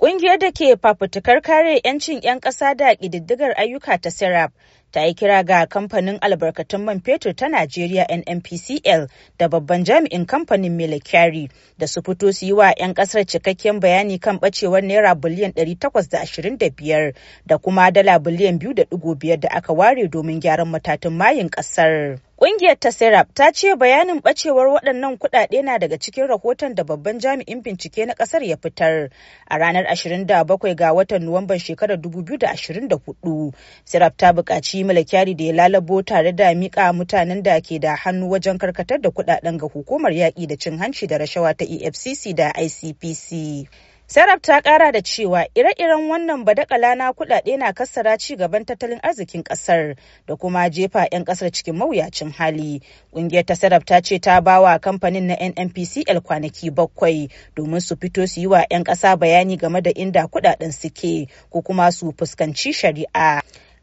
Ƙungiyar da ke fafutukar kare 'yancin 'yan ƙasa da ƙididdigar ayyuka ta Serap ta yi kira ga kamfanin albarkatun man fetur ta Najeriya NNPCL da babban jami'in kamfanin Milikari da su fito su yi wa 'yan ƙasar cikakken bayani kan ɓacewar naira biliyan 825 da kuma dala biliyan 2.5 da aka ware domin gyaran matatun mayin ƙasar. Ƙungiyar ta Serap ta ce bayanin ɓacewar waɗannan kuɗaɗe na daga cikin rahoton da babban jami'in bincike na ƙasar ya fitar a ranar 27 ga watan Nuwamban shekarar 2024. Serap ta buƙaci malakiyari da ya lalabo tare da miƙa mutanen da ke da hannu wajen karkatar da kuɗaɗen ga hukumar yaƙi da cin hanci da rashawa ta EFCC da ICPC. Sarab ta kara da cewa ire-iren wannan badakala na kudade na kassara ci gaban tattalin arzikin kasar da kuma jefa 'yan kasar cikin mawuyacin hali. ƙungiyar ta Sarab ta ce ta bawa kamfanin na NNPCL kwanaki bakwai domin su fito su yi wa 'yan kasa bayani game da inda kudaden suke ko kuma su fuskanci shari'a.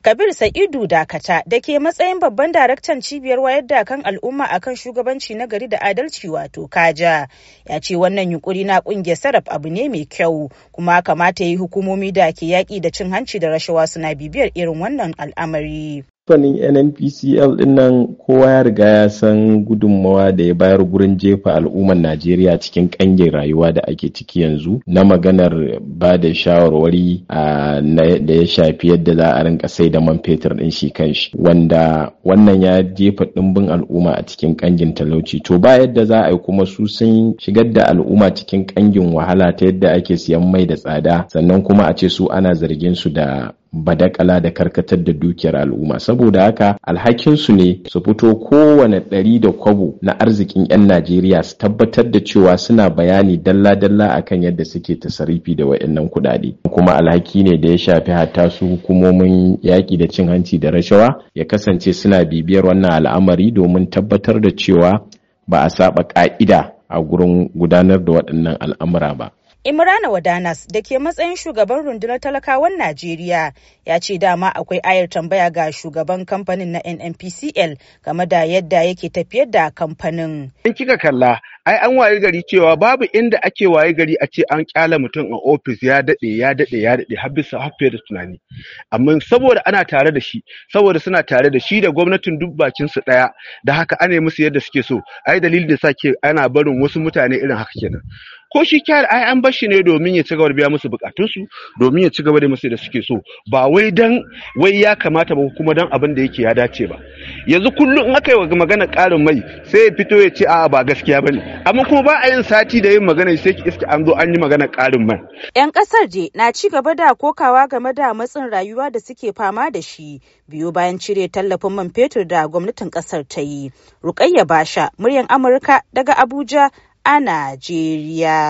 Kabir Sa'idu Dakata da ke matsayin babban daraktan cibiyar wayar da kan al'umma akan shugabanci na gari da adalci wato Kaja ya ce wannan yunkuri na kungiyar sarraf abu ne mai kyau kuma kamata yi hukumomi da ke yaƙi da cin hanci da rashawa suna bibiyar irin wannan al'amari. kamfanin nnpcl dinnan kowa ya riga ya san gudunmawa da ya bayar gurin jefa al'ummar najeriya cikin kangin rayuwa da ake ciki yanzu na maganar ba da shawarwari da ya shafi yadda za a rinka sai da man fetur din shi kanshi wanda wannan ya jefa dimbin al'umma a cikin kangin talauci to ba yadda za a yi kuma su sun shigar da al'umma cikin kangin wahala ta yadda ake siyan mai da tsada sannan kuma a ce su ana zargin su da badakala da karkatar da dukiyar al'umma saboda haka alhakinsu ne su fito kowane ɗari da kwabo na arzikin 'yan najeriya su tabbatar da cewa suna bayani dalla-dalla akan yadda suke tasarifi da wa'annan kuɗaɗe kuma alhaki ne da ya shafi hatta su hukumomin yaƙi da cin hanci da rashawa ya kasance suna bibiyar wannan al'amari domin tabbatar da cewa ba a saba ƙa'ida a gurin gudanar da waɗannan al'amura ba Imrana Wadanas da ke matsayin shugaban rundunar talakawan Najeriya ya ce dama akwai ayar tambaya ga shugaban kamfanin na NNPCL game da yadda yake tafiyar da kamfanin. In kika kalla ai an waye gari cewa babu inda ake waye gari a ce an kyala mutum a ofis ya daɗe ya daɗe ya daɗe har bisa har da tunani amma saboda ana tare da shi saboda suna tare da shi da gwamnatin duk bakin su ɗaya da haka ana musu yadda suke so ai dalilin da sake ana barin wasu mutane irin haka kenan ko shi kyar ai an bar shi ne domin ya ci gaba da biya musu bukatunsu domin ya ci gaba da musu da suke so ba wai dan wai ya kamata ba kuma dan abin da yake ya dace ba yanzu kullum in aka yi magana karin mai sai ya fito ya ce a ba gaskiya bane amma kuma ba a yin sati da yin magana sai ki iska an zo an yi magana karin mai yan kasar je na ci gaba da kokawa game da matsin rayuwa da suke fama da shi biyo bayan cire tallafin man fetur da gwamnatin kasar ta yi rukayya basha muryan amurka daga abuja a Najeriya.